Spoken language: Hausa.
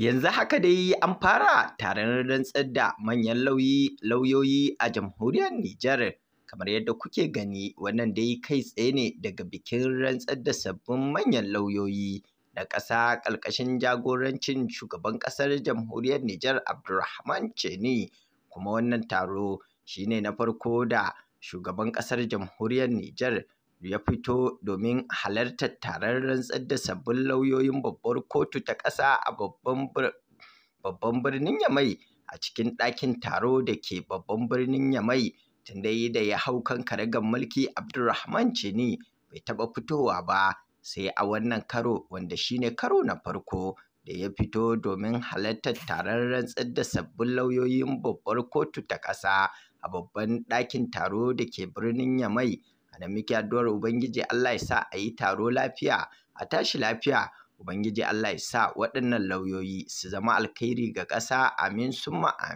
Yanzu haka dai an fara taron rantsar da manyan lauyoyi a jamhuriyar Nijar. Kamar yadda kuke gani wannan dai kai tsaye ne daga bikin rantsar da sabbin manyan lauyoyi na ƙasa ƙarƙashin jagorancin shugaban ƙasar jamhuriyar Nijar Abdulrahman Ceni. Kuma wannan taro shi ne na farko da shugaban ƙasar jamhuriyar Nijar ya fito domin halartar taron rantsar da sabbin lauyoyin babbar kotu ta ƙasa a babban birnin Yamai a cikin ɗakin taro da ke babban birnin Yamai tun da ya hau kan karagar mulki Abdulrahman Cini bai taɓa fitowa ba sai a wannan karo wanda shine karo na farko da ya fito domin halartar taron rantsar da sabbin lauyoyin babbar kotu ta ƙasa a babban ɗakin taro da ke birnin Yamai da muke addu'ar ubangiji Allah ya sa a yi taro lafiya a tashi lafiya ubangiji Allah ya sa waɗannan lauyoyi su zama alkhairi ga ƙasa amin summa amin